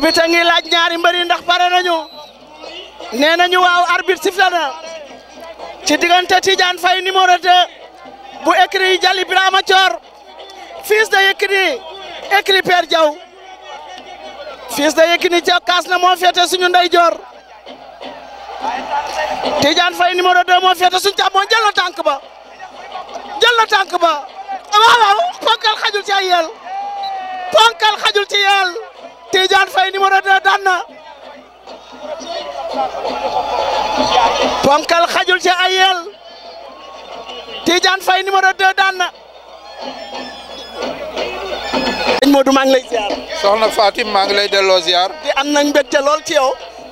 arbitre ngi laaj ñaari mbëri ndax pare nañu nee nañu waaw arbitre sifla ci diggante Tidiane Faye numéro 2 bu écrit Jali Birama Thior fils de Yékini écrit Père Diaw fils de Yékini Diaw kaas na moo féete suñu ndeyjoor Tidiane Faye numéro 2 moo féete suñu càmmoñ jël na tànk ba jël na tànk ba waaw waaw xajul ci ay yel xajul ci yel Tidiane Faye numéro 2 daan na ponkal xajul ci ayel Tidiane Faye numéro 2 daan na sëñ Modou maa ngi lay ziar soxna Fatim maa ngi lay delloo ziar di am nañ mbégte lool ci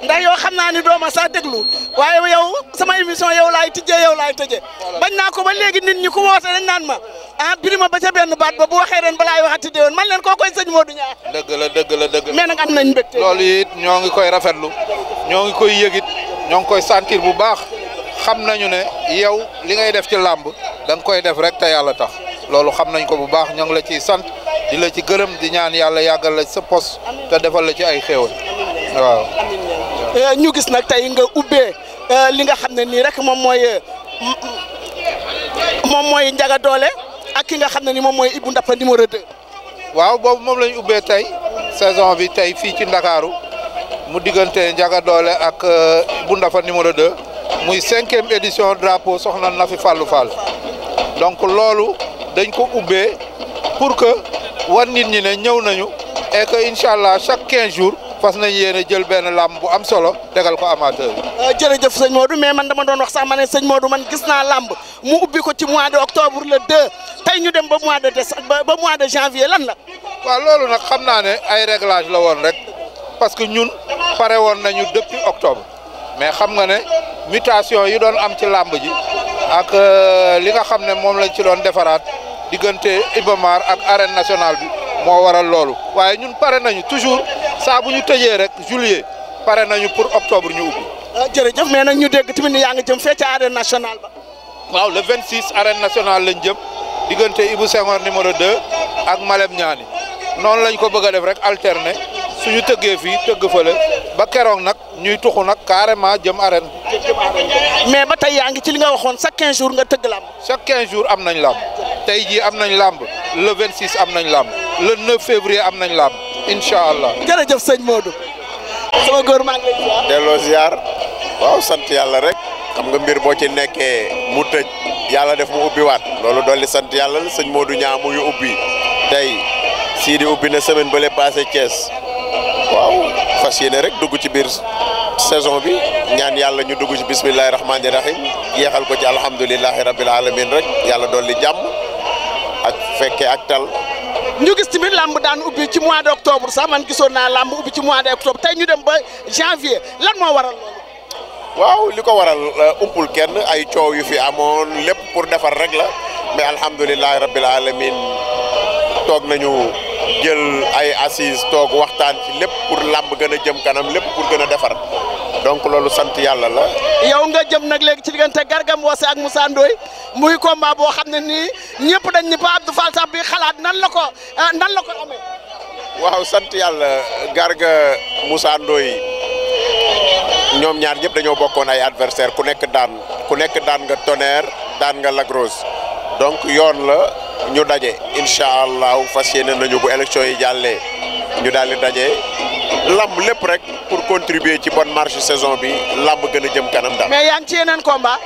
ndax yow xam naa ni dooma sax déglu waaye yow sama émission yow laay tijjee yow laay tëjee bañ naa ko ba léegi nit ñi ku woote dañ naan ma ah birima ba ca benn baat ba bu waxee ren balaay waxati déwén man leen koo koy sëñ Modou Niang dëgg la dëgg la dëgg la mais nag am nañ mbégte loolu it ñoo ngi koy rafetlu ñoo ngi koy yëgit ñoo ngi koy sentir bu baax xam nañu ne yow li ngay def ci làmb da koy def rek te yàlla tax loolu xam nañ ko bu baax ñoo ngi la ciy sant di la ci gërëm di ñaan yàlla yàggal la sa pos te la ci ay xéewal Euh, ñu gis nag tey nga ubbee euh, li nga xam ne nii rek moom mooy euh, moom mooy Ndiaga Dolé ak ki nga xam ne ni moom mooy Ibou Ndapha numéro 2. waaw boobu moom la ñu tey saison bi tey fii ci Ndakaaru mu diggante Ndiaga Dolé ak Ibou Ndapha numéro 2 muy cinquième édition drapeau soxna na fi Fallou Fall donc loolu dañ ko ubbee pour que war nit ñi ne ñëw nañu et que incha allah chaque quinze jours. fas nañ yéene jël benn làmb bu am solo tegal ko amateur yi. Euh, jërëjëf sëñ Modou mais man dama doon wax sax sëñ Modou man gis naa làmb mu ubbi ko ci mois de octobre le 2 tey ñu dem ba mois de décembre ba mois de janvier lan la. waaw loolu nag xam naa ne ay réglage la woon rek parce que ñun pare woon nañu depuis octobre mais xam nga ne mutation yi doon am ci làmb ji ak euh, li nga xam ne moom lañ ci doon defaraat diggante Ibamar ak arène nationale bi. moo waral loolu waaye ñun pare nañu toujours saa bu ñu tëjee rek juillet pare nañu pour octobre ñu ubbi. Euh, jërëjëf mais nag ñu dégg tamit ni yaa ngi jëm fee ca arène nationale ba. waaw le 26 arène nationale lañ jëm diggante Ibou Senghor numéro de ak Malem Niani noonu lañ ko bëgg a def rek alterner suñu tëggee fii tëgg fële ba keroog nag ñuy tuxu nag carrément jëm arène. mais ba tey yaa ngi ci li nga waxoon chaque 15 jours nga tëgg làmb. chaque 15 jours am nañ làmb tey jii am nañ làmb le 26 am nañ làmb le 9 février am nañ làmb incha allah. jërëjëf sëñ Modou. sama góor maa ngi lay delloo ziar waaw sant yàlla rek. xam nga mbir boo ci nekkee mu tëj yàlla def mu ubbiwaat loolu dolli sant yàlla la sëñ Modou ñaa mu ubbi tey sii di ubbi na semaine bële passé Thiès. waaw fas yéene rek dugg ci biir saison bi ñaan yàlla ñu dugg ci bismillahi rahmaani rahim yeexal ko ci alhamdulilahi rabbil alamin rek yàlla dolli jàmm ak fekke ak tal ñu gis tamit làmb daan ubbi ci mois d' octobre sax man gisoon naa làmb ubbi ci mois d' octobre tey ñu dem ba janvier lan ma waral waaw li ko waral euh, umpul kenn ay coow yu fi amoon lépp pour defar rek la mais alhamdulilah rabbil alamin toog nañu. jël ay assises toog waxtaan ci lépp pour làmb gën a jëm kanam lépp pour gën a defar donc loolu sant yàlla la. yow nga jëm nag léegi ci diggante Garga Mbossé ak Moussa Ndoye muy combat boo xam ne nii ñëpp dañ ni ba Abdou Fall sax bi xalaat nan la ko ah, nan la ko amee. waaw sant yàlla Garga Moussa Ndoye ñoom ñaar ñëpp dañoo bokkoon ay adversaire ku nekk daan ku nekk daan nga Tonnerre daan nga Lac donc yoon la. ñu daje incha allahu fas yéene nañu bu élection yi jàllee ñu daal di daje lamb lépp rek pour contribuer ci bonne marche saison bi lamb gën jëm kanam daal. mais yaa ci yeneen combat.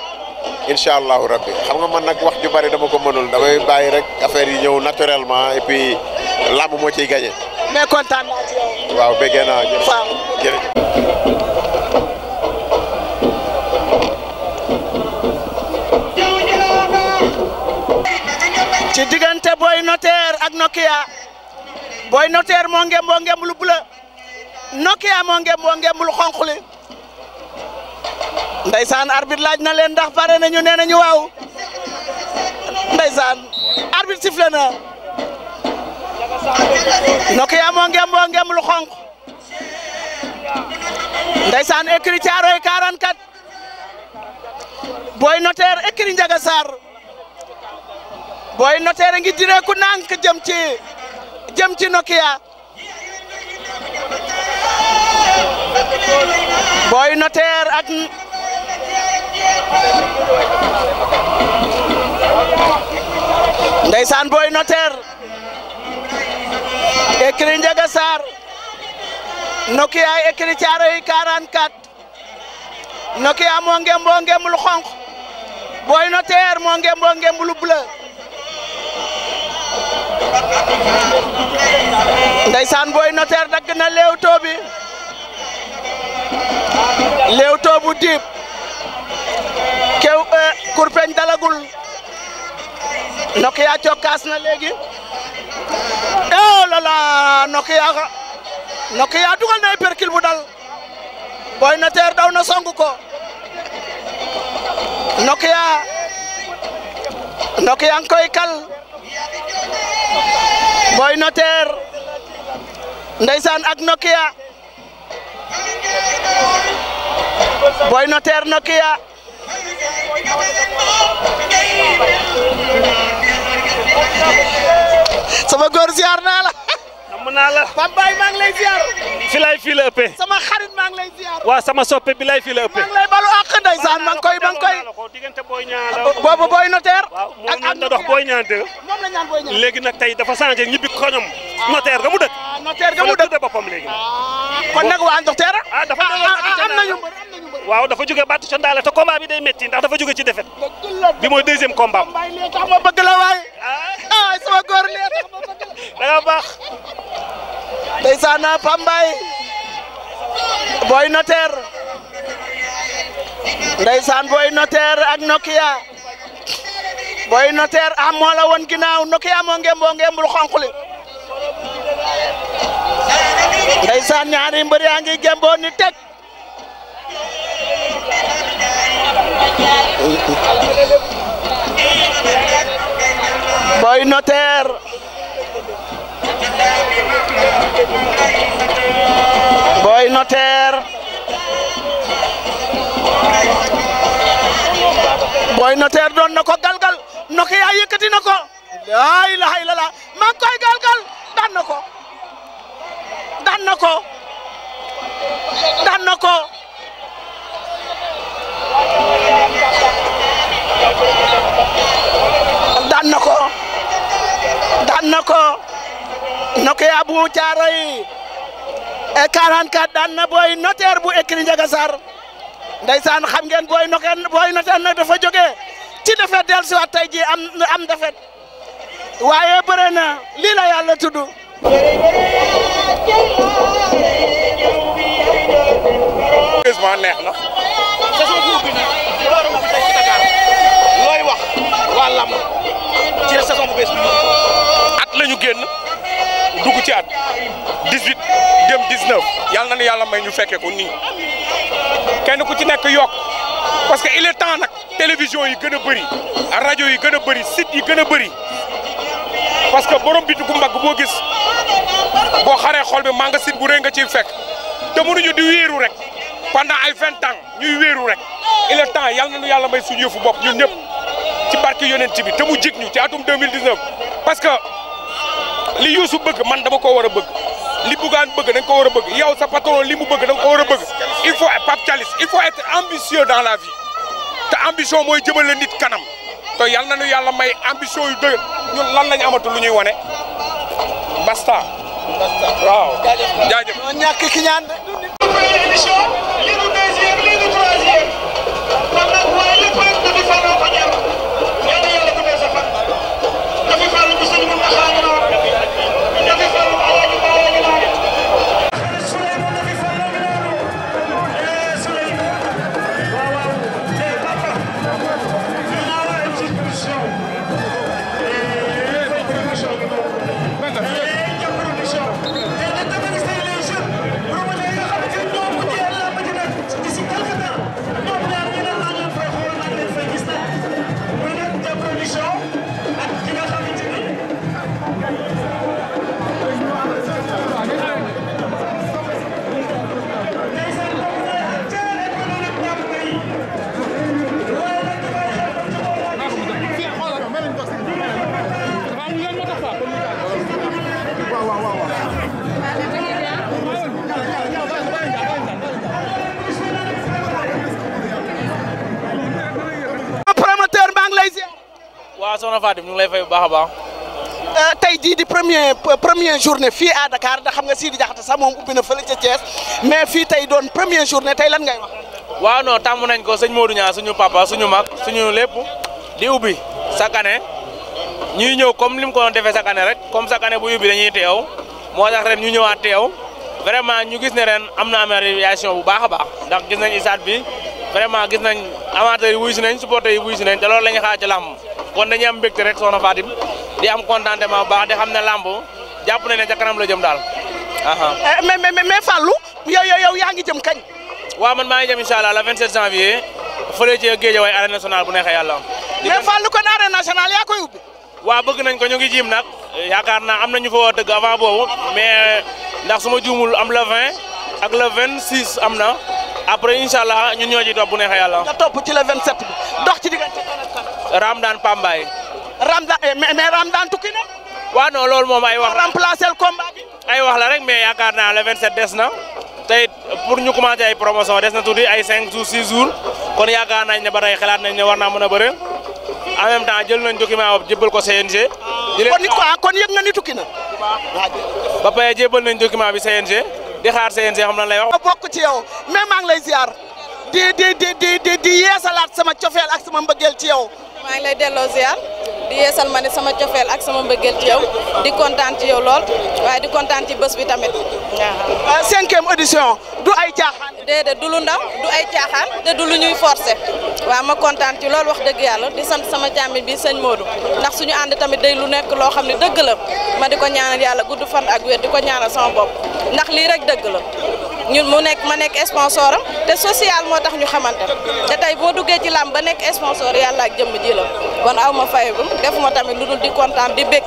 incha allahu rabbi xam nga man nag wax ju bari dama ko mënul damay bàyyi rek affaire yi ñëw naturellement et puis lamb moo ciy gagné. mais kontaan naa ci waaw bëggee naa jërëjëf. ci diggante Boy Notaire ak Nokia booy Notaire moo ngem boo ngem lu bula Nokia moo ngem boo ngem lu xonq li ndeysaan arbitre laaj na leen ndax pare nañu nee nañu waaw ndeysaan arbitre sifflé na Nokia moo ngem boo ngem lu xonq ndeysaan écrit Thiaroye 44 Boy Notaire écrit Ndiaga Sarr booy notaire ngi dire ku nànk jëm ci jëm ci Nokia booy notaire ak ndeysaan booy notaire écrit Ndiaga Sarr Nokia écrit Thiaroye 44 Nokia moo ngem boo ngem lu xonq booy notaire moo ngem boo ngem lu bleu ndeysaan booy notaire dagg na léewtoo bi léewtoo bu diib kew e, kurpeñ dalagul Nokia cokkaas na léegi eh, oh la la Nokia Nokia dugal na perkil bu dal booy notaire daw na song ko Nokia Nokia koy kal. Boy Notaire ndeysaan ak Nokia Boy Notaire Nokia sama góor ziar naa la namm naa la Pape Baye maa ngi lay ziar fi la ëppee sama xarit maa ngi lay ziar waaw sama soppe bi lay la ëppee maa ngi lay balu àq ndeysaan maa ngi koy maa ngi koy diggante booy ah, boobu booy notaire ak ak na dox booy ñaa dëgg moom la ñaan booy ñaa léegi nag tey dafa changé ñibbi koñom ah. notaire ga mu dëkk ah, notaire ga mu dëkk boppam léegi waa ndox teera ah dafa am nañu am waaw dafa jóge battu ca ndaala te combat bi day metti ndax dafa jóge ci défaite bi mooy deuxième combat am. waaye tax ma bëgg waay. ah, ah sama ah, Pambaay booy notaire ndeysaan booy notaire ak Nokia booy notaire ah moo la woon ginnaaw moo ngeen boo ngeen bul ñaari mbër yaa ngi gemboo ni Boy Notaire Boy Notaire Boy noteer doon na ko galgal noko yaa yëkkati na ko laa ilaha galgal daan na ko daan na ko na ko daan ko daan na ko Nokia bu Caaroy e 44 daan na booy notaire bu écrit Ndiaga Sarr ndeysaan xam ngeen booy notaire booy notaire nag dafa jógee ci defet dellusiwaat tey jii am am defet waaye bëre na lii la ci def bu bees at la ñu génn dugg ci at 18 dem 19 yàlla na nu yàlla may ñu fekkee ko nii kenn ku ci nekk yokk parce que il est temps nag télévision yi gën a bëri rajo yi gën a bëri site yi gën a bëri parce que borom bi gu mbagg boo gis boo xaree xol bi sit bu rëy nga ci fekk te mënuñu di wéeru rek pendant ay vingt ans ñuy wéeru rek il est temps yàlla na nu yàlla may suñu yëfu bopp ñun ñëpp. ci barke yonent bi te mu jig ñu ci atum 2019 parce que li Youssou bëgg man dama ko war a bëgg li Bougane bëgg da ko war a bëgg yow sa patron li mu bëgg da nga ko war a bëgg il faut Pape Thialis il faut être ambitieux dans la vie te ambition mooy jëmale nit kanam te yal na nu yàlla may ambition yu dëgër ñun lan lañu amatu lu ñuy wane basta waaw jaajëf soxna Fatim ñu ngi lay fay bu baax a baax. Euh, tey jii di premier euh, première journée fii à Dakar da xam nga Sidi Diakhaté sax moom ubbi na fële ca Thiès mais fii tey doon première journée tey lan ngay wax. waaw non tàmm nañ ko sëñ Modou Niang suñu papa suñu mag suñu lépp di ubbi chaque année ñëw comme ni mu ko doon rek comme chaque bu ubbi dañuy teew moo tax ren ñu ñëwaat teew vraiment ñu gis ne ren am na amélioration bu baax a baax ndax gis nañ isaat bi vraiment gis nañ kon dañuy am mbégte rek soxna Fatim di am contentement bu baax de xam ne làmb jàpp nañ ne ca kanam la jëm daal. Eh, mais mais mais Fallou yow yow yaa ngi jëm kañ. waaw man maa ngi jëm incha allah vingt 27 janvier fële ci Guédiawaye arène nationale bu neexee yàlla. mais Fallou kon arène nationale yaa koy ubbi. waaw bëgg nañ ko ñu ngi jiim nag yaakaar naa am nañu fa woo dëgg avant boobu mais ndax su ma juumul am la 20 ak le 26 am na. après incha allah ñun ñoo ci topp bu neexee yàlla. nga topp ci le 27 bi dox ci diggante kan ak kan. Ramdan Pambaay. Ramdan eh, mais mais Ramdan tukki loolu moom ay wax. remplacer le combat bi. ay wax la rek mais yaakaar naa le 27 des na tey pour ñu commencé ay promotion des na tuuti ay 5 jours 6 jours kon yaakaar nañ ne ba ay xalaat nañ ne war naa mën a bëre en même temps jël nañ document boobu jébbal ko CNG. kon kon yëg nga ni tukki na. ba pare jébbal nañ bi CNG. di xaar CNG xam lan lay wax. bokk ci yow mais maa ngi lay ziar di di yeesalaat sama cofeel ak sama mbëggeel ci yow. maa ngi lay delloo ziar di yeesal ma ne sama cofeel ak sama mbëggeel ci yow di kontaan ci yow lool waaye di kontaan ci bés bi tamit waaw. cinquième du ay caaxaan. déedéet du lu ndaw du ay caaxaan te du lu ñuy forcer. waaw ma kontaan ci loolu wax dëgg yàlla di sant sama càmmiñ bi sëñ Modou ndax suñu ànd tamit day lu nekk loo xam ne dëgg la ma di ko ñaanal yàlla gudd fan ak wér di ko ñaanal sama bopp ndax lii rek dëgg la ñun mu nekk ma nekk sponsor am te social moo tax ñu xamante te tey boo duggee ci làmb ba nekk sponsor yàlla ak jëmm ji la kon aw ma fayagum def ma tamit lu dul di kontaan di bég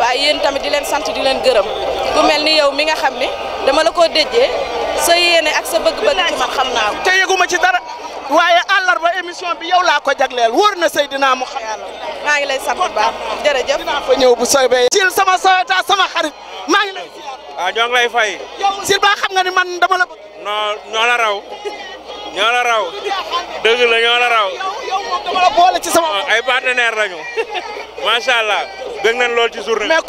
waaye yéen tamit di leen sant di leen gërëm ku mel ni yow mi nga xam ne dama la ko déjee sa yéene ak sa bëgg-bëgg ci man xam naa ko te yëguma ci dara waaye àllarba émission bi yow laa ko jagleel wóor na Seydina mu xam maa ngi lay sant baa baax jërëjëf fa ñëw bu soobee ci sama soweta sama xarit maa ngi lay siyaar ah, waaw ñoo ngi xam nga ni man dama la bëgg non ñoo raw ñoo la raw dëgg la ñoo la raw. yow moom dama la boole ci sama. ay partenaire lañu macha allah bëgg nañ lool ci journée. mais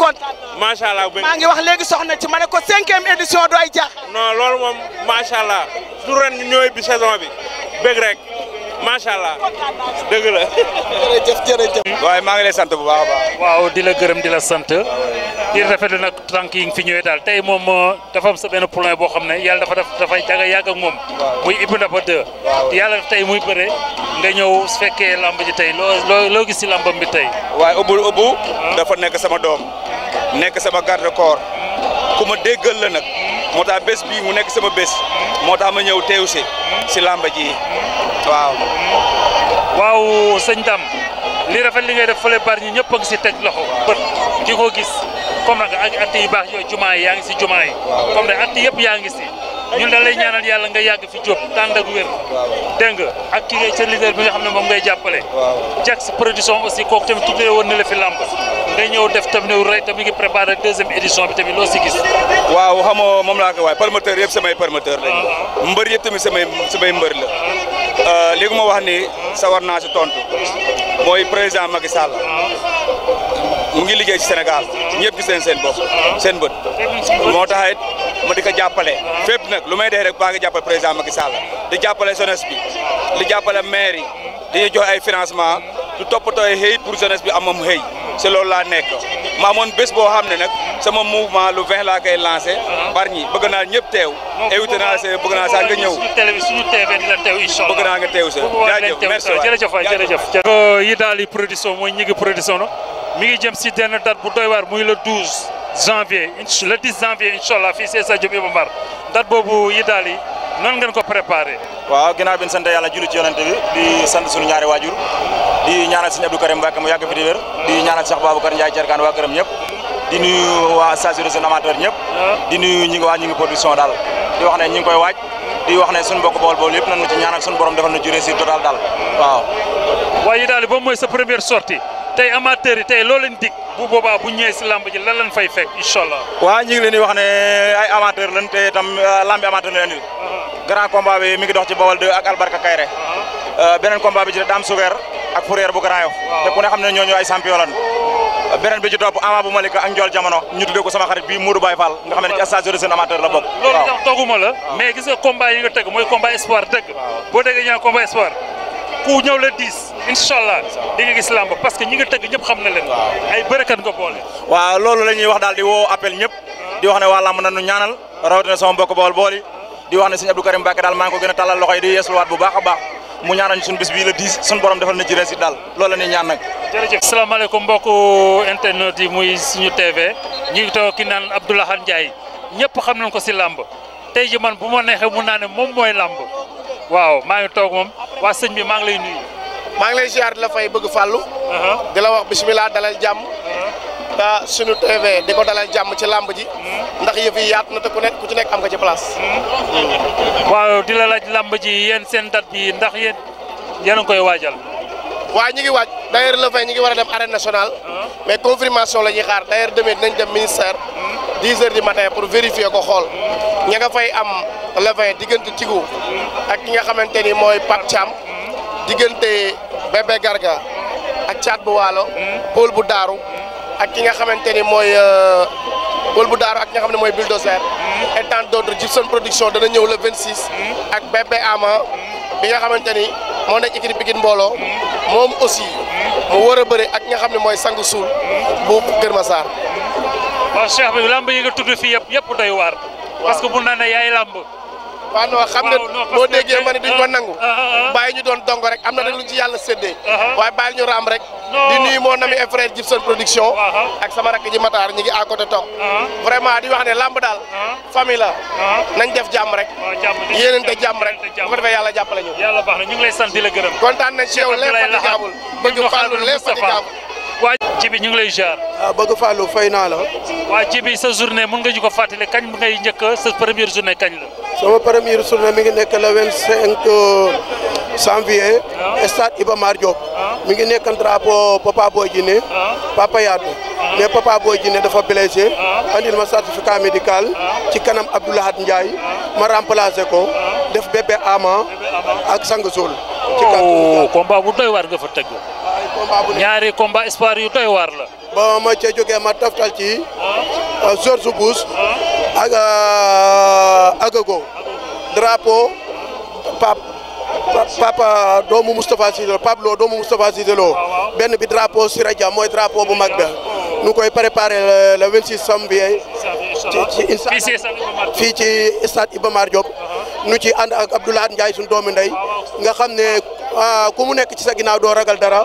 macha allah maa ngi wax léegi soxna ci ma ne ko cinquième édition du ay jaax. no loolu moom macha allah su ren ñooy bi saison bi bëgg rek macha allah dëgg la. jërëjëf jërëjëf. waaye maa ngi lay sant bu baax a waaw di la gërëm di la sant. di rafetlu nag tànk yi nga fi ñëwee daal tey moom euh, dafa am sa benn problème boo xam ne yàlla dafa def dafay jaga yàgg ak moom muy Ibou Ndapa 2 yàlla def tey muy bëre nga ñëw su fekkee lamb ji tey loo loo gis si lambam bi tey waaye ubu ubu ah. dafa nekk sama doom nekk sama garde corps ku ma déggal la nag moo tax bés bii mu nekk sama bés moo tax ma ñëw teew si si lamba ji waaw waaw sëñ Dame li rafet li ngay def fële bar ñi ñëpp a ngi si teg loxo bët di ko gis comme nag ak at yu baax yooyu jumaa yi yaa ngi si jumaa yi comme nag at yëpp yaa ngi si ñun da lay ñaanal yàlla nga yàgg fi jóg tànd ak wér dégg nga ak ki ngay sa leader bi nga xam ne moom ngay jàppale Jax production aussi kooku tamit tuddee woon na la fi làmb nga ñëw def tamit ne rey tamit ngi préparé deuxième édition bi tamit loo si gis waaw xamoo moom laa ko waaye promoteur yëpp samay promoteur lañ ah, ah. mbër yëpp tamit samay samay mbër la ah. euh, léegi ma wax ni sawar naa si tontu mooy président Macky Sall mu ngi liggéey ci Sénégal ñëpp gis nañ seen bopp seen bët moo tax ma di ko jàppale fépp nag lu may def rek baa ngi jàppale président Macky Sall di jàppale jeunesse bi di jàppale maire yi dañuy joxe ay financement du toppatooy xëy pour jeunesse bi amam xëy si loolu la nekk ma amoon bés boo xam ne nag sama mouvement lu 20 laa koy lancé bar ñi bëgg naa ñëpp teew évité naa se bëgg naa sax nga ñëw sa jaajëf merci jërëjëf waay jërëjëf yi daal yi production mooy ñi ngi production no mi ngi jëm si denn date bu doy waar muy le 12 janvier le 10 janvier incha allah fii si stade Iba Mar date boobu yi noonu ngeen ko préparé. waaw ginnaaw bi ñu sant yàlla julli ci yonente bi di sant suñu ñaari waajur di ñaanal sëñ Abdou Karim Mbacke mu yàgg fi di wér di ñaanal Cheikh Babacar Ndiaye Thiergane waa këram ñëpp di nuyu waa station réseau amateur ñëpp. di nuyu ñi waa ñi production daal di wax ne ñi koy waaj. di wax ne suñu na ci réussite total daal waaw. waaye daal boobu mooy sa première tey amateur yi tey loo leen dig bu boobaa bu ñëwee si lamb ji lan lañ fay fek incha allah. waaw ñu ngi leen wax ne ay amateur lan te tam euh, lamb bi amateur la leen uh-huh. grand bi mi ngi dox ci Bawol 2 ak Albarka Kayre. Uh-huh. Euh, beneen combat bi ci Dame Souguer ak Fourrière bu Grand Yoff. te ku ne xam ne ñooñu ay champion lañ. Oh. beneen bi ci topp Ama bu Malika ak Ndiol Jamono ñu ko sama xarit bi Modou Baye Fall nga xam ne ci station de seen amateur la bokk. loolu tax tooguma la. mais gis nga combat yi nga teg mooy combat espoir ku la diis incha allah di nga gis làmb parce que ñi ñëpp xam na leen. ay wax daal di woo appel ñëpp. di wax ne waa làmb nañu ñaanal rawatina sama mbokk bool bool yi di wax ne sëñ Abdou Karim Mbacke daal maa ngi ko gën a tàllal loxo yi di yeesluwaat bu baax a baax mu ñaanal ñu bis bii la diis suñu borom defal na ci réussite daal loolu la ñuy ñaan nag. jërëjëf salaamaaleykum mbokku internet yi muy suñu TV ñu ngi ki naan Abdoulaye Ndiaye ñëpp xam nañ ko si làmb tey ji man bu ma neexee mun naa ne moom mooy làmb waaw maa ngi toog moom waa sëñ bi maa ngi lay nuyu. maa ngi lay ziar di la fay bëgg fàllu uh-huh. di la wax bisimilah dalal jàmm. Uh-huh. suñu TV di ko dalal jàmm ci làmb ji. Uh-huh. ndax yëf yi yaat na te ku nekk ku ci nekk am nga ci place. waaw di la laaj làmb ji yéen seen date bi ndax yéen yéen a koy waajal. waa ñu ngi waaj d'ailleurs le 20 ñi ngi war a dem arène nationale. mais confirmation la ñuy xaar d'ailleurs demee dinañ dem ministère. 10 heures di matin pour vérifier ko xool ña nga fay am le vin diggante Tigo ak ki nga xamante ni mooy Pape Thiam diggante Bébé Garga ak Thiat bu wallo Paul bu Daaru ak ki nga xamante ni mooy euh, Paul bu Daaru ak ki xam ne mooy Bulldozer et tant d'autres Gibson Production dana ñëw le 26 ak Bébé Ama bi nga xamante ni moo nekk équipe Pikine mbooloo moom aussi mu war a bëri ak nga xam ne mooy sangu suul bu Kër Massar waaw Cheikh bi lamb yi nga tudd fii yëpp yëpp doy waar. parce que bu naan ne yaay lamb. waaw non xam nga boo déggee ma ne duñ ko ah, nangu. Ah, ah, bàyyi ñu doon dong rek am na dañu ci yàlla séddee. waaye bàyyi ñu raam rek. di nuyu moo nami et frère Gibson production. ak sama rakk ji Matar ñu ngi à côté toog. vraiment di wax ne lamb daal. famille la. nañ def jàmm rek. yéenante jàmm rek bu ko defee yàlla jàppale ñu. ñu lay sant la gërëm. kontaan nañ ci yow les fatigables bëgg Fallou les fatigables. waa ji bi waa jibi sa journée mun nga ñu ko fàttali kañ ngay njëkk sa première journée kañ la. sama première journée mi ngi nekk le 25 euh, janvier. Ah. stade Iba Mar Diop. Ah. mi ngi nekk drapeau Papa Boy Djiné. Ah. Papa Yadou. mais Papa Boy Djiné dafa blessé. andil ma certificat médical. ci kanam Abdoulahad Ndiaye. ma remplacé ko. def bébé ama. ak sang sol. ci oh, kàddu combat bu doy waar nga fa tëgg. ñaari combat espoir yu doy waar la. ba ma ca jógee ma taftal ci ah, George Bush ak Agago ah, drapeau pap papa doomu Moustapha Cissé Pablo doomu Moustapha Cissé Lo ah, benn bi drapeau si Dia mooy drapeau bu mag ba nu koy préparer le vingt janvier ci incha allah fii ci stade Iba Mar nu uh-huh. ci ànd ak Abdoulaye Ndiaye suñu doomu ndey nga xam ne ku mu nekk ci sa ginnaaw doo ragal dara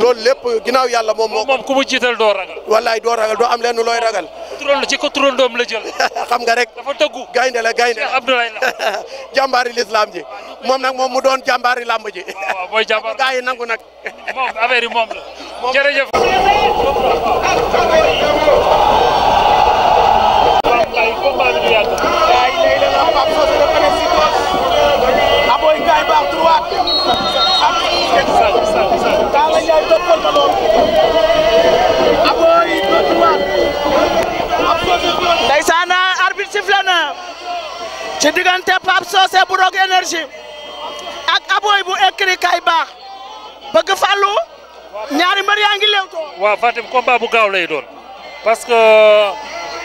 loolu lépp ginnaaw yàlla moom moo moom ku mu jiital doo ragal wallaay doo ragal doo am lenn looy ragal turóon ci ko turóondoom la jël xam nga rek dafa tëggu gaynde la gaynde Cheikh Abdoulaye la jàmbaari lislaam ji moom nag moom mu doon jàmbaari làmb ji waaw mooy jàmbaar gaa yi nangu nag moom affaire yi moom la jërëjëf Abooy gaay baax droit énergie ak abooy bu écrit kay baax bëgg ñaari mbër yaa ngi léewtoo waaw Fatim combat bu gaaw lay doon parce que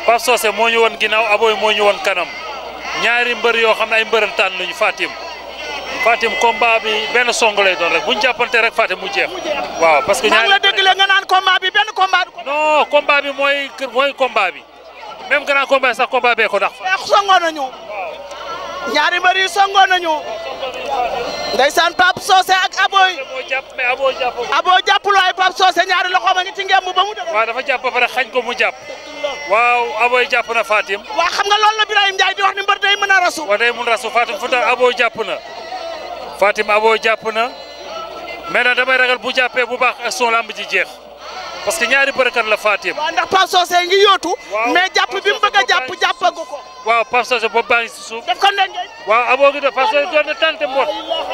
Pape Socé moo ñu woon ginnaaw abooy moo ñu kanam ñaari mbër yoo xam ne ay mbërantaan luñu Fatim Fatim combat bi benn song lay doon rek bu ñu jàppante rek Fatim mu waaw parce que ñaari la dégg la naan combat bi benn combat du non combat bi mooy mooy combat bi même sax combat bee ko ndax songo nañu ñaari mbër yi songo nañu ndeysaan Pape Socé ak Aboy Aboy jàppul waaye Pape Socé ñaari loxoom a ngi ci ngemb ba mu dëgg waaw dafa jàpp ba xañ ko mu jàpp waaw Aboy jàpp na Fatim waaw xam nga loolu la Birahim Ndiaye di wax ni mbër day mën a rasu waaw fu tax Aboy jàpp na Fatim Aboy jàpp na mais nag damay ragal bu jàppee bu baax ak son lamb ji jeex parce que ñaari bërëkat la Fatim. waaw ndax Pape Socé ngi yóotu. mais jàpp bi mu bëgg a jàpp jàppagu ko. waaw Pape Socé boobu baa ngi ko ndengee. waaw aboo gi def Pape Socé doon na mboot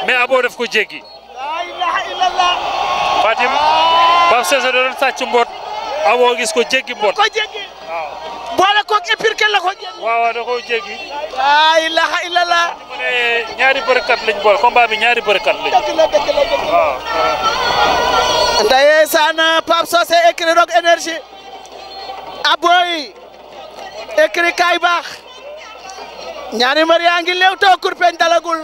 mais aboo daf ko jéggi. laa ilaha illallah. ko jéggi mboot. waaw. boole ko jéggi. waaw waaw da koo jéggi. ñaari bërëkat lañ boole combat bi ñaari waaw. ndeysaan Pape Socé écrit Rock Énergie aboy ah écrit kaay baax ñaari mbër yaa ngi leew too kurpeñ dalagul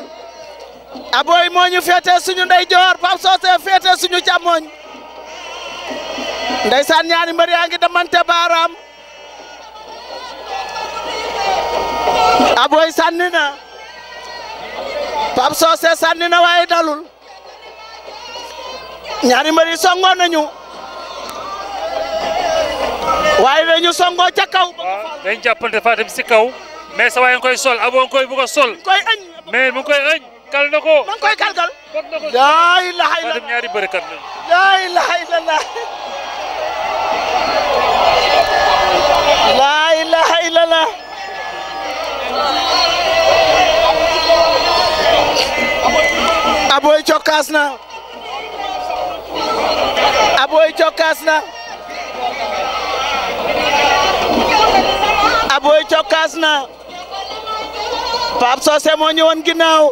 aboy ah moo ñu féete suñu ndeyjoor Pape Socé féete suñu càmmoñ ndeysaan ñaari mbër yaa ngi damante baaraam aboy ah sànni na Pape Socé waaye dalul ñaari mbër yi songoon nañu waaye dañu songoo ca kaw. waaw dañ jàppante Fatim si kaw. mais sa waay nga koy sol aboo nga koy bëgg sol. koy añ mais mu koy añ. kal na ko ma koy kalkal. laa ilaha illallah Fatim ñaari bërëkat la. laa ilaha na. Aboy cokkaas na Aboy cokkaas na Pape Socé moo ñëwoon ginnaaw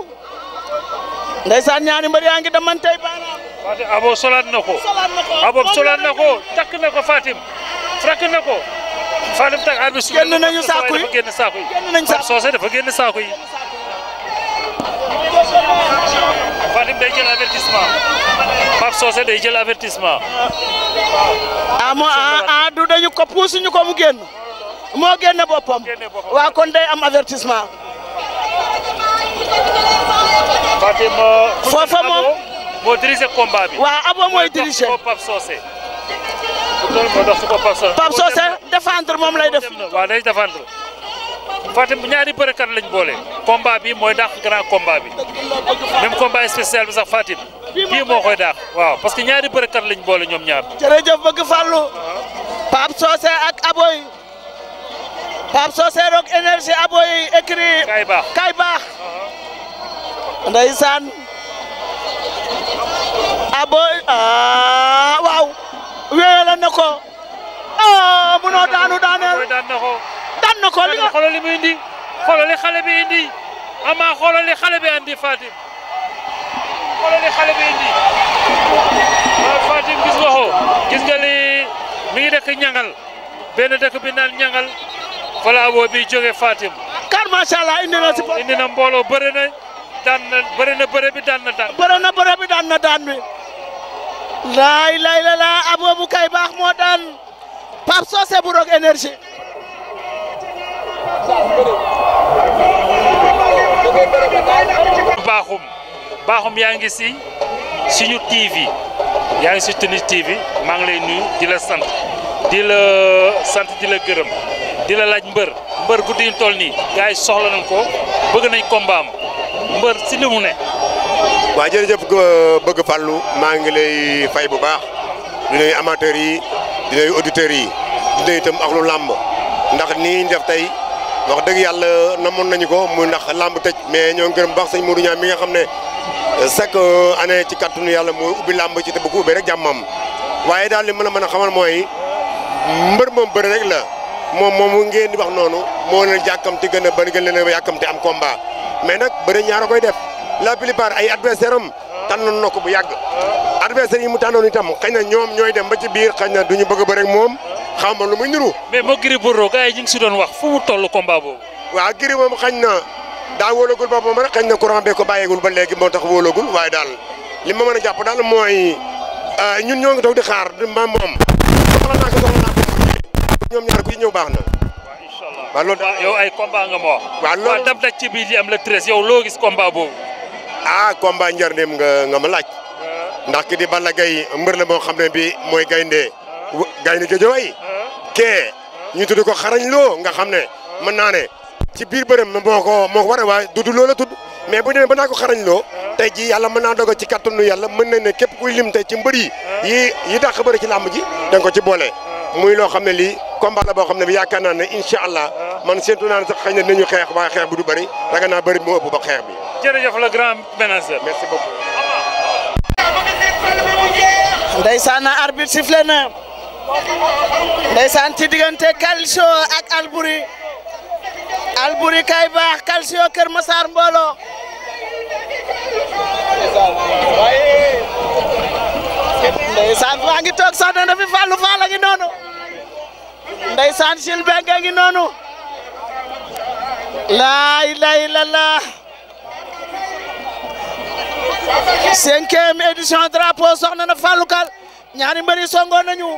ndeysaan ñaari mbër yaa ngi damantey baanaam Fatim Abo solaat na ko Abo solaat na ko takk na ko Fatim frakk na ko Fatim takk arbitre génn nañu saako yi génn nañu saako yi Pape Socé dafa yi Khadim day jël avertissement Pape day jël avertissement. ah moo ah, ah du dañu ko puusu ñu ko mu génn moo génne boppam waaw kon day am avertissement. Fatima. foofa moom moo diriger combat bi. waaw abo mooy diriger mooy Pape Socé. bu doon ko dox su ko Pape Socé. Pape Socé moom lay def. Fatim ñaari bërëkat lañ boole combat bi mooy dàq grand combat bi même combat waaw parce que ñaari bërëkat lañ boole ñoom ñaar. jërëjëf bëgg Fallou Pape Socé ak Aboy Pape Socé roog énergie Aboy écrit. Kay baax Kay baax. Uh-huh. ndeysaan Aboy ah, waaw wéyale na ko ah munoo daanu daaneel. am na li nga indi xoolal li xale bi indi ama xoolal li xale bi indi Fatim li xale indi waaw Fatim gis nga ko gis mi ngi dëkk ñangal benn dëkk bi naan ñangal fala awoo bi jóge Fatim car macha indi na si indi mbooloo bëri na daan na bi daan na daan bi daan lay la laa aboobu kay baax moo daan Pape Socé bu Rock Énergie baaxum baaxum yaa ngi si suñu TV yaa ngi si Tunish TV maa ngi lay nuyu di la sant di la sant di la gërëm di la laaj mbër mbër guddi ñu toll nii gars soxla nañ ko bëgg nañ combat am mbër si li mu ne. waaw jërëjëf bëgg fallu maa ngi lay fay bu baax di nuyu yi di nuyu auditeurs yi di nuyu itam ak lu làmb ndax nii ñu def tey. wax dëgg yàlla namoon nañu ko muy ndax làmb tëj mais ñoo ngi gërëm baax sëñ Modou mi nga xam ne euh, chaque euh, ane ci kàttanu yàlla mu ubbi làmb ci te bu ko rek jàmmam waaye daal li mën a mën a xamal mooy mbër moom bëri rek la moom moomu ngeen di wax noonu moo leen yàkkamti gën a bëri gën leen a yàkkamti am combat mais nag bëri ñaara koy def la plupart ay adversaire am tànnoon na ko bu yàgg adversaire yi mu tànnoon tam xëy na ñoom ñooy dem ba ci biir xëy na duñu bëgg a bëri moom xam ma lu muy niru. mais moo Gris Bordeaux gars yi ñu ngi si doon wax fu tollu toll combat boobu. waaw Gris moom xañ na daa wóolagul boppam rek xañ na courant bee ko bàyyeegul ba léegi moo tax wóolagul waaye daal li ma mën a jàpp daal mooy euh, ñun ñoo ngi toog di xaar ma moom. soxla naa ñaar ku ci ñëw baax na. waaw incha allah waaw loolu yow ay combat nga ma wax. waaw loolu ci biir li am la treize yow loo gis combat boobu. ah combat njëriñam nga nga ma laaj. Euh. ndax ki di Balla gay mbër la moo xam ne bi mooy gaynde gaynde Géejawaay kee ñu tudd ko xarañ loo nga xam ne mën naa ne ci biir bërëm moo ko moo ko war a waaye dudd loola tudd mais bu demee ba naa ko xarañ loo tey ji yàlla mën naa dogal ci kattanu yàlla mën nañ ne képp kuy lim tey ci mbër yi yi yi dàq bëri ci làmb ji da ko ci boole. muy loo xam ne lii combat boo xam ne bi yaakaar naa ne incha allah man séntu naa ne sax xëy na ñu xeex waaye xeex bu du bëri ragal naa bëri moo ëpp ba xeex bi. jërëjëf le grand ménageur. merci beaucoup. ndeysaan ndeysaan ci diggante Calcio ak Albouri Albouri kay baax Calcio Kër Massar mbooloo ndeysaan waa ngi toog soxna fi Fallou Fall ngi noonu ndeysaan Gilles Mbengue ngi noonu laa ilaaha illallaah cinquième édition drapeau soxna na Fallou Kal ñaari mbëri songoon nañu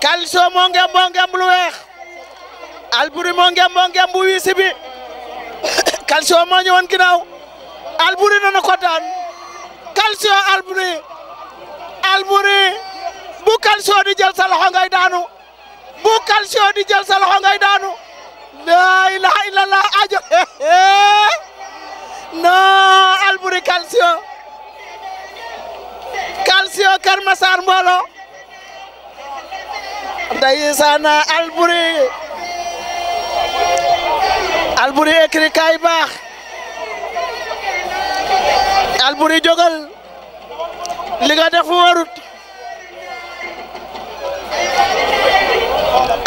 Calcio moo ngem boo ngem lu weex Albouri moo ngem boo ngem bu wiisi bi Calcio moo ñëwoon bu Calcio di jël sa loxo daanu bu Calcio di jël sa loxo ngay daanu laa ilaha illallah ajo non Albouri Calcio Calcio Kër Massar mbooloo na ndaysaana Alboury Alboury écrit kaay baax Alboury jógal li nga def warut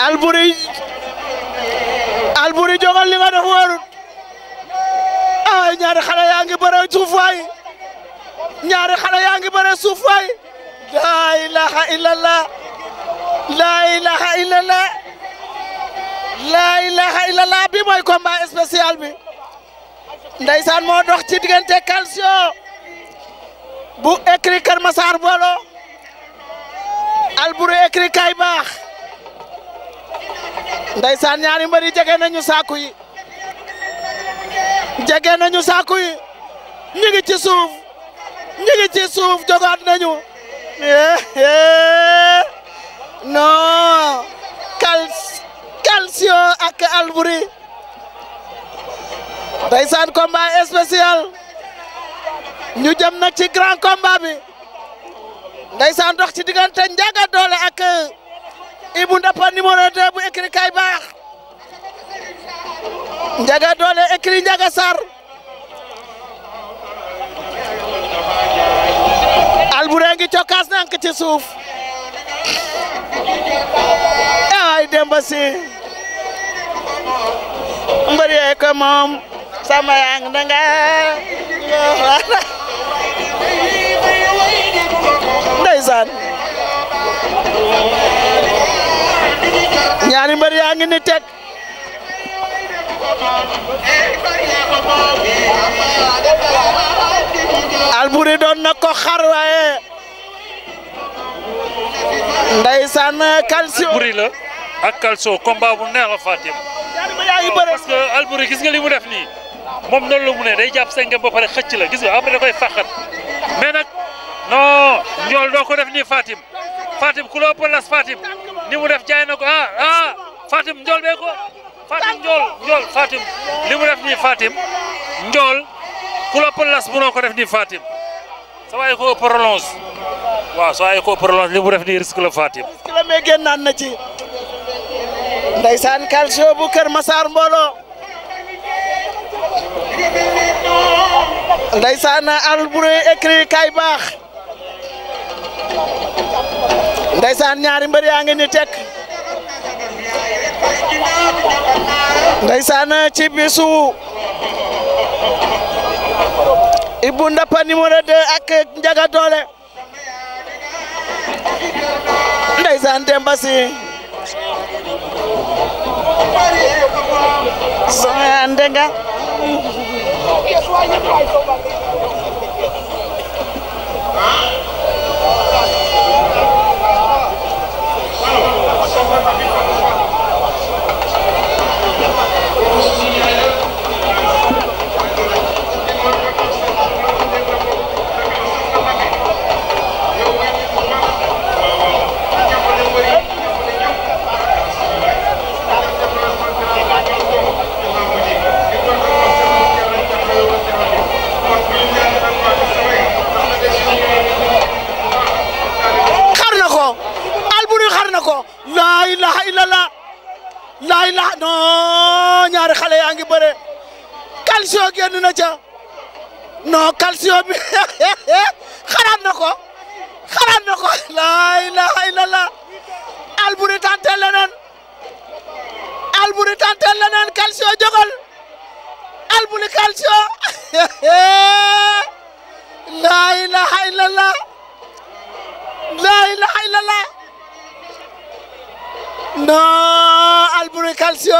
Alboury Alboury jógal li nga def warut ay ñaari xale yaa ngi bëre suuf waay ñaari xale yaa ngi bëre suuf waay la ilaha illallah laa ilaha illallah laa ilaha illallah bi mooy combat spécial bi ndeysaan moo dox ci diggante Calcio bu écrit Kër Massar Bolo Alboury écrit Kay Baax ndeysaan ñaari mbër yi jege nañu saaku yi jege nañu saaku yi ñu ngi ci suuf ñu ngi ci suuf jogaat nañu eh, eh. non cal ak Albouri ndeysaan combat spécial ñu jëm nag ci grand combat bi ndeysaan dox ci diggante Ndiaga Dolé ak Ibou Ndapa numéro 2 bu écrit kay baax Ndiaga Dolé écrit Ndiaga Sarr Albouri ngi cokkaas nank ci suuf Baye Demba si mbër yee ko moom sama yang danga ndeysaan ñaari mbër yaa ngi ni teg Alboury doon na ko xar waaye ndeysaan Calcio Alboury la ak Kalso combat bu neex la Fatim. parce que Alboury gis nga li mu def nii moom noonu la mu ne day jàpp sengam ba pare la gis nga de da koy faxat mais nag non njool doo ko def nii Fatim Fatim ku la ëpp ni mu def jaay na ko aa ah, ah Fatim njool bee ko Fatim njool njool Fatim li mu def nii Fatim njool ku la ëpp las ko def nii Fatim sa waay ko prolonge waaw sa waay ko prolonge li mu def nii risque la Fatim. risque la mais génnaat na ndeysaan calcio bu Kër Massar mbooloo ndeysaan Alboury écrit kay baax ndeysaan ñaari mbër yaa ngi ni tek ndeysaan ci bisu Ibou Ndapa numéro 2 ak Njaga Doole ndeysaan Demba Andega. Huh? lay ñaari xale yaa ngi bëre calcio na ca non calcio bi xalaat na ko xalaat na ko laa la illallah Alboury tante leneen Alboury tante leneen calcio jógal Alboury calcio laa ilaha illallah laa ilaha illallah non Bonifacio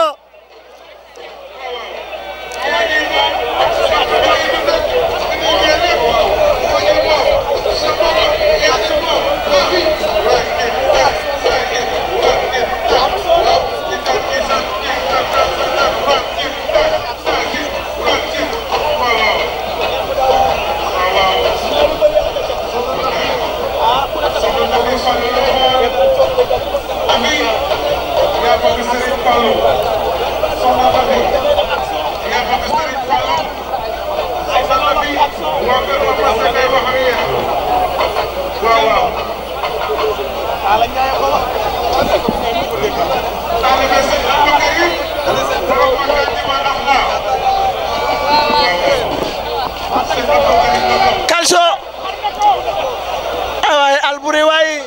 Fallou Kalso ah, waaye Alboury waay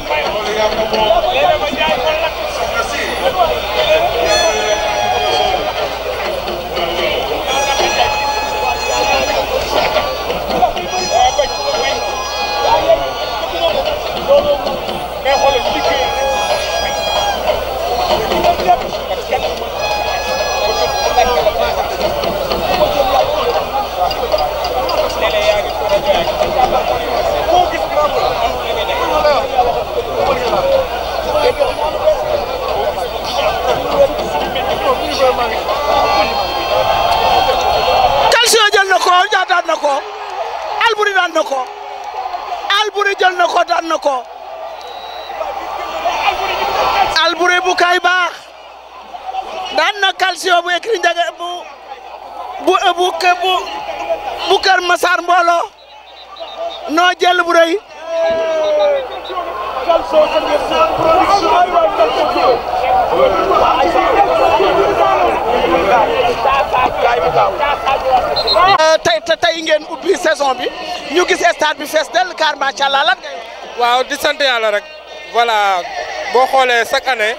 Léegi ma jaay Dakar macha waaw di sant yàlla rek voilà boo xoolee chaque année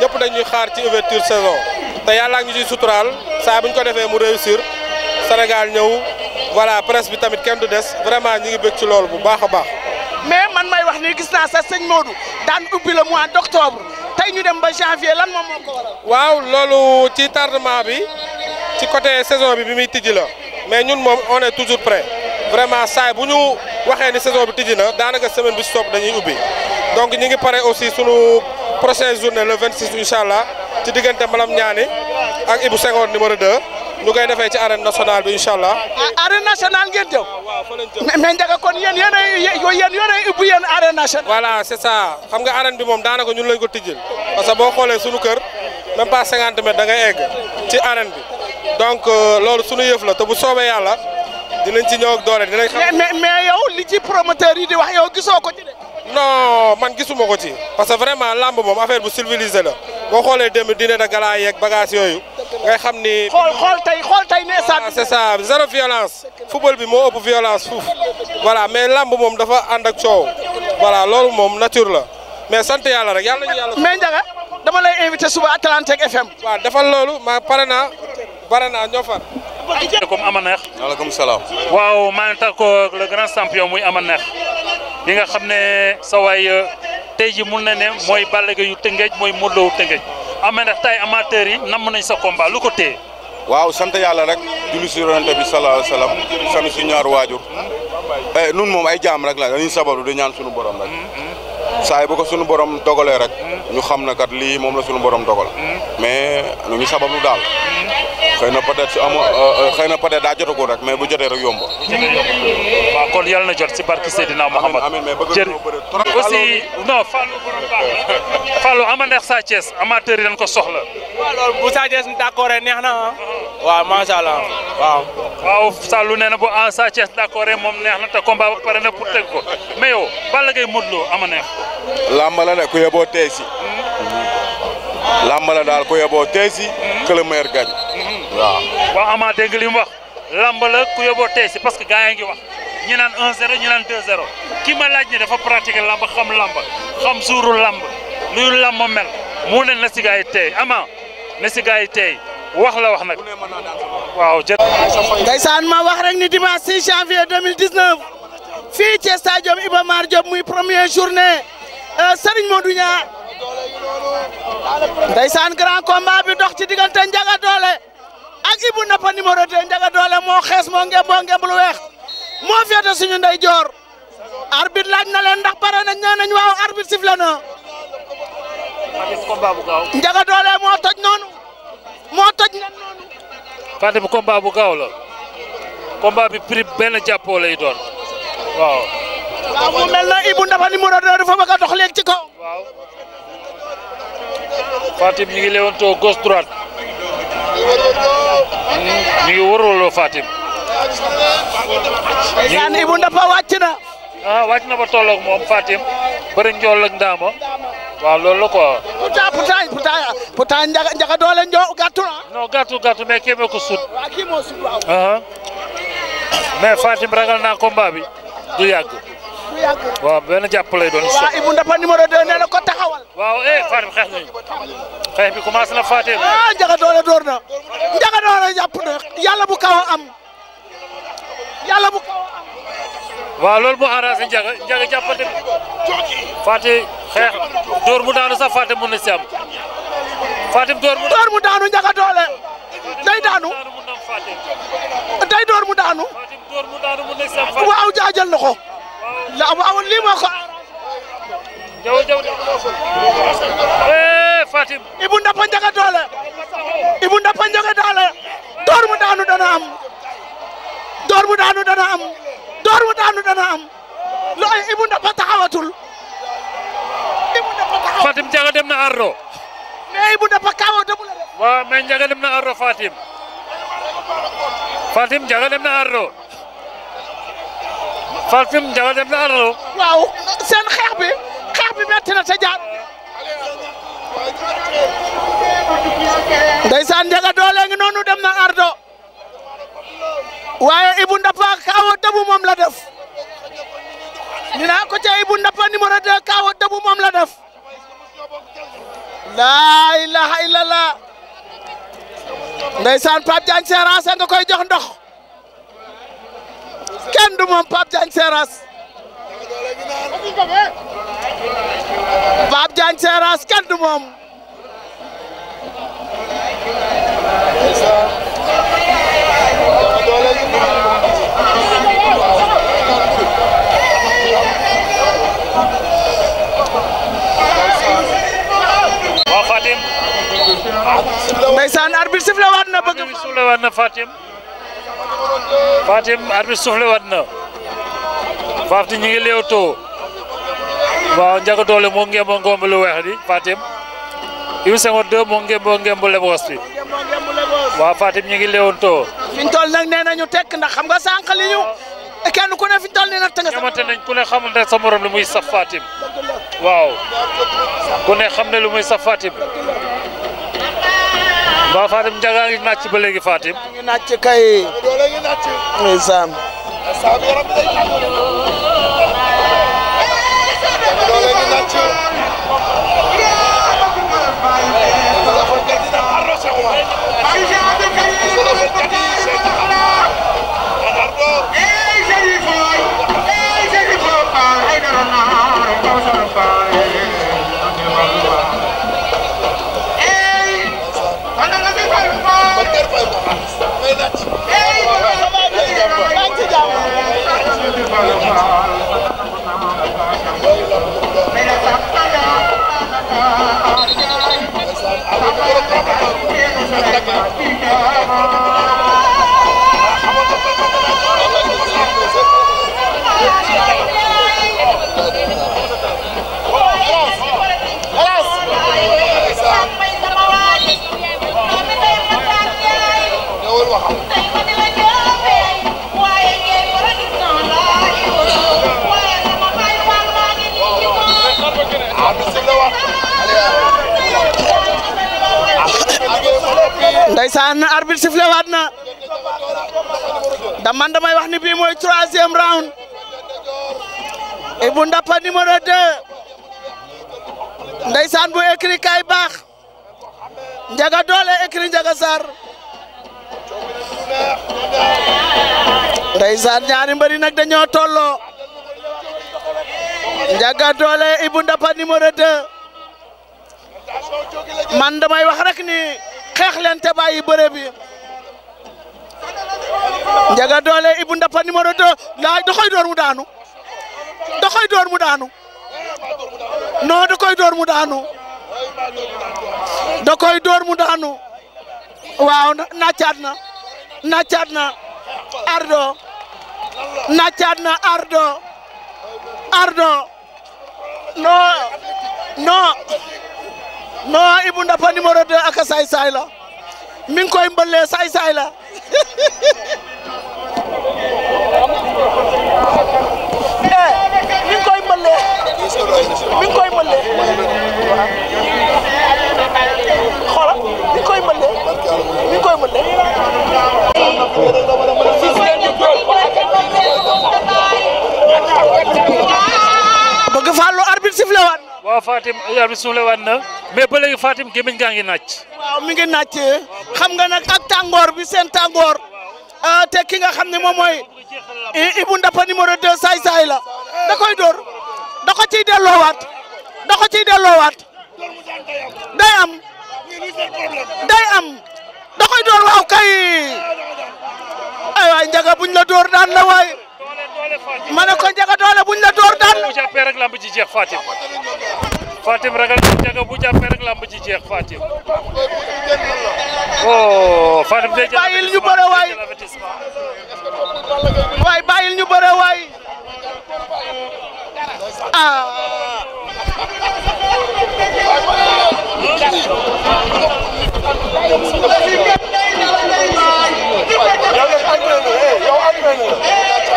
ñëpp dañuy xaar ci ouverture saison te yàlla ngi ciy suturaal saa bu ñu ko defee mu réussir Sénégal ñëw voilà presse bi tamit kenn du des vraiment ñu ngi bëgg ci loolu bu baax a baax. mais man may wax ni gis naa sa sëñ Modou daan ubbi le mois d' octobre tey ñu dem ba janvier lan moom moo ko waral. waaw loolu ci tardement bi ci côté saison bi bi muy tijji la mais ñun moom on toujours prêt vraiment waxee ni saison bi tijji na daanaka semaine bi si topp dañuy ubbi donc ñi ngi pare aussi sunu prochaine journée le 26 incha allah ci diggante Malam Ñaani ak Ibou Senghor numéro 2 ñu koy defee ci arène nationale bi incha allah. arène nationale ngeen jëm. waaw fa lañ jëm mais Ndiaga kon yéen yéenay yéen yéenay ubbi yéen arène nationale. voilà c' est ça xam nga arène bi moom daanaka ñun lañ ko tijjil parce que boo xoolee sunu kër même pas 50 mètres da ngay egg ci arène bi donc euh, loolu sunu yëf la te bu soobee yàlla. dinañ ci ñëw ak doole dinañ. xam mais mais yow li ci promoteur yi di wax yow gisoo ko ci de. non man gisuma ko ci parce que vraiment lamb moom affaire bu civilisé la boo xoolee démb dîner de gala yeeg bagage yooyu ngay xam ni. xool xool tey xool tay ne ça. c'est ça zéro violence. football bi moo ëpp violence fuuf voilà mais lamb moom dafa ànd ak coow loolu moom nature la mais sant yàlla rek yàlla ñu yàlla. mais Ndiaga dama lay invité suba Atlantique FM. waaw defal loolu ma pare naa bare naa ñoo far. comme Amaneex. waaleykum salaam. waaw maa ngi tàggoo le grand champion muy Amaneex bi nga xam ne sa waay euh, tey ji mun na ne mooy Balla Gaye yu mooy Modou Lo yu Tëngéej Amaneex tay amateur yi nam nañ sax combat lu ko téye. waaw sant yàlla rek julli si yonente bi salaahu alayhi salaam sant suñu ñaar waajur eh nun moom ay jaam rek la dañuy sabablu di ñaan suñu borom rek saay bu suñu borom dogalee rek ñu xam ne kat lii moom la suñu borom dogal hmm. mais nu ngi daal hmm. xëy na peut-être si amoo euh, euh, xëy na peut-être daa jotagul rek mais bu jotee rek yomb. waaw kon yàlla na jot si barke Seydina Mouhamad. amiin mais bëgg aussi non Fallou borom neex Sa Thiès amateur yi ko soxla. waaw loolu bu Sa Thiès neex na ah. uh-huh. waaw macha allah waaw. waaw Sallou nee na bu ah Sa Thiès moom neex na te combat ba pare na pour teg ko mais yow Balla Gaye Modou Lo ama neex. làmb la ku yeboo teesi. Hmm. làmb daal ku yeboo teesi. Hmm. que le waaw waaw Ama dégg li mu wax lamb la ku yóbboo tey si parce que gars yaa ngi wax ñu naan 1-0 ñu naan 2-0 ki ma laaj ne dafa pratiquer lamb xam lamb xam suuru lamb luy lamb mel mu ne na si gars yi Ama na si gars yi wax la wax nag waaw jë ndeysaan ma wax rek ni dimanche 6 janvier fii ci Iba Mar Diop muy première journée euh, Serigne Modou Niang ndeysaan grand combat bi dox ci diggante Ndiaga Dollé ak Ibou Napa numéro 2 Ndiaga Dollé moo xees moo ngem moo ngem weex moo féete suñu ndey joor arbitre laaj leen ndax pare nañ nee nañ waaw arbitre sifflé na Ndiaga Dollé moo toj noonu moo toj nen noonu Fatim combat bu gaaw la combat bi prix benn jàppoo doon waaw waaw mel na Ibou Ndapa numéro 2 dafa bëgg a dox ci kaw waaw bi ñu ngi leewantoo gauche ñu ngi wërwërloo Fatim. ñu ngi Ibou Ndapha wàcc na. ah wàcc na ba tolloog moom Fatim bëri njool ak ndaama loolu la quoi. pourtant pourtant njaga njaga doole njoo gàttu na. non gàttu gàttu mais kii moo sut. waaw kii ah, ah. ragal naa combat du yàgg. du yàgg. waaw benn jàpp lay doon. waaw Ibou Ndapa numéro 2 nee na ko taxawal. waaw eh Fatim xeex xeex bi commencé na Fatim. ah Ndiaga Dolé door na Ndiaga Dolé jàpp na yàlla bu kaw am yàlla bu kaw am. waaw loolu moo arrangé Ndiaga Ndiaga jàppante Fatim xeex door mu daanu sax Fatim mën na si am mu. door mu daanu Ndiaga Dolé day daanu. day door mu daanu. waaw jaajal na ko la amu amul ko jaw jaw eh Fatim Ibou Ndapa Ndiaga Dolé Ibou door mu daanu dana am door mu daanu dana am door mu daanu dana am lu ay Ibou taxawatul Ibou Ndapa na arro mais Ibou Ndapa kawo debu la waaw na arro Fatim Fatim Ndiaga na arro Fatim Diaw dem na àndaloo. waaw seen xeex bi xeex bi metti na te jaar. ndeysaan Ndiaga Dollé ngi noonu dem na ardo waaye Ibou Ndapha kaawa dabu moom la def ñu naan ko ca Ibou Ndapha numéro 2 kaawa dabu moom la def laa ilaha illallah ndeysaan Pape Diagne Seras nga koy jox ndox. kenn du moom Pape Diagne Seras Pape Diagne Seras kenn du moom Ndeysaan arbitre sifle waat na bëgg. Arbitre sifle waat na Fatim. Fatim arbitre soufflé waat na Fatim ñu ngi léewtoo waaw Ndiaga Dolé moo ngémboo ngémb lu weex li Fatim Ibou Senghor 2 moo ngémboo ngémb lebos bi waaw Fatim ñu ngi léewtoo fi ñu toll nag nee nañu tekk ndax xam nga sànq li ñu kenn ku ne fi ñu toll nii nag tënk xamante nañ ku ne xamante sa morom lu muy saf Fatim waaw ku xam ne lu muy saf Fatim ba Fatim Ndiaga ngi nàcc ba léegi Fatim. ñu nàcc kay. ndeysaan. Saabu yaram day tàng. Bala ndeysaan arbitre sifflé waat na da wax ni bii mooy troisième round Ibou Ndapha numéro 2 ndeysaan bu écrit kay baax Ndiaga Dolé écrit Ndiaga Sarr ndeysaan ñaari mbëri nag dañoo tolloo Ndiaga Dolé Ibou Ndapha numéro 2 man damay wax rek ni xeex leen te bàyyi bëre bi Ndiaga Dolé Ibou Ndapha numéro 2 door mu daanu da koy door mu daanu non da door mu daanu da door mu daanu waaw naccaat na naccaat na ardo naccaat na ardo ardo non non non Ibou Ndapa numéro 2 ak saay saay la mi koy mbëllee saay saay la mi ngi koy mbëllee eh, mi koy mbëllee bëgg Fallou arbitre sifflé waat. waaw Fatim arbitre na mais ba léegi Fatim gémmiñ gaa ngi naaj. mi ngi naaj xam nga nag ak tàngoor bi seen tàngoor ah, te ki nga xam ne moom mooy Ibou Ndapa numéro 2 saay saay la da koy dóor da ko ciy delloowaat da day am day am da koy dóor kay ay njaga buñ la dóor daan la waay. ma ne ko Ndiaga Dollé buñ la door bu jàppee rek lamb ji jeex Fatim Fatim ragal Ndiaga bu jàppee rek lamb ji jeex Fatim oh Fatim ñu bëre waay waay bàyyil ñu bëre waay ah.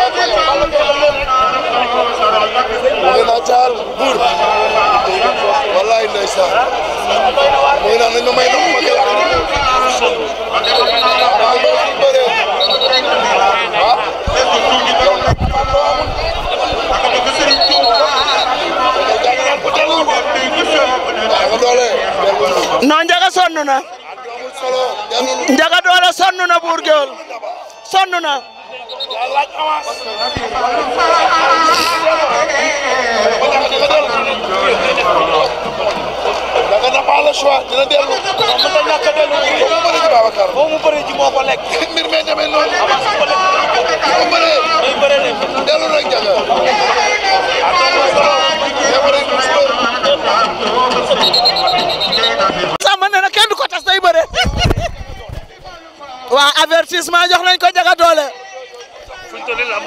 mu ngi naa caar buur doole sonn na buur géwël sonn na daa laaj avance. danga dafa la choix dina dellu. waaw mën na ñàkk a dellu mbir mi bëri ji Babacar. boo mu bëree ji moo ko lekk. mbir mi demee noonu. bu bëree. day bëree lekk. dellu nag jaga. am na lu solo. yow rek lu solo. sama nee na kenn du ko tas day bëree. waa avertissement jox nañ ko jaga doole.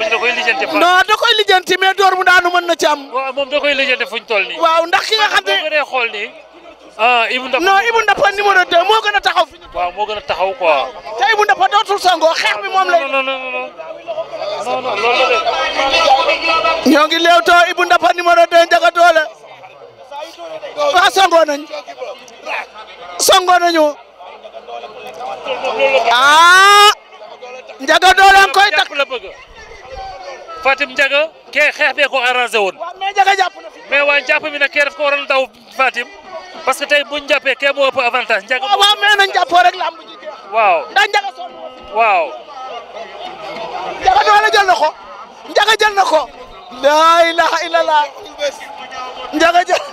bi da koy lijjanti non da koy door bu daanu mën na ci am. waaw moom da koy lijjanti fuñ waaw ndax ki nga xam ne boo gënee xool nii. ah Ibou Ndapa non moo gën a taxaw. waaw moo taxaw quoi. te Ibou Ndapa dootul sangoo xeex bi moom lay. non non ñoo ngi léewtoo Ibou Ndapa numéro 2 Ndiaga Dolé waaw songoo nañ songoo nañu ah Ndiaga Dolé koy takk Fatim Ndiaga kee xeex bee ko arrangé woon. mais waa jàpp bi nag kee daf ko waral daw Fatim parce que tey bu ñu jàppee kee moo ëpp avantage. Ndiaga waaw waaw mais nañ rek lamb ji waaw ndax doole jël na ko. Ndiaga jël na ko. laa ilaha illallah. Ndiaga jël.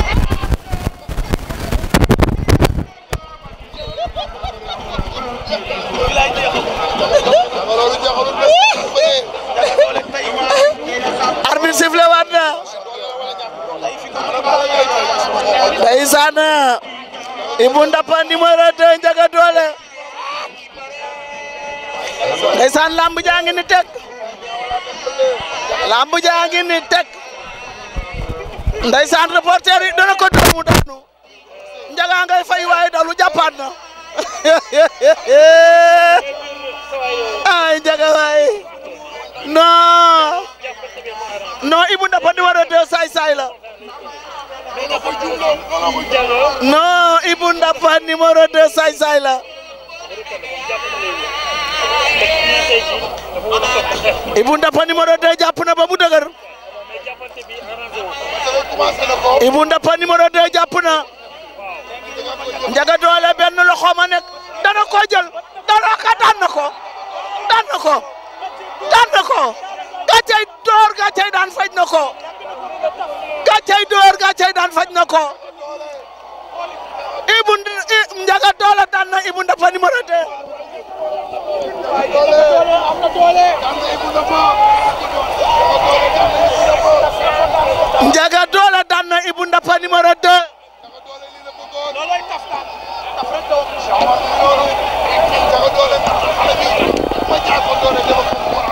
arbitre sifflé waat na ndeysaan Ibou Ndapa numéro 2 Ndiaga Dolé ndeysaan ngi ni teg lamb jaa ngi ni teg ndeysaan daanu Ndiaga ngay fay waaye dalu jàppaat ay njaga waay non non Ibou Ndapa numéro saay saay la non Ibou Ndapa numéro 2 saay saay la Ibou Ndapa numéro 2 jàpp na ba mu dëgër Ibou Ndapa numéro 2 jàpp na Ndiaga benn loxo ma dana ko dana ko daan ko daan ko daan ko gàccey door gàccey daan faj ko gàccey door gàccey daan faj ko Ibou Ndiaga Dollé daan na Ibou loolooy taf daal taf rek la wax. incha allah loolu. xale bi ma jaar ko doole dama ko.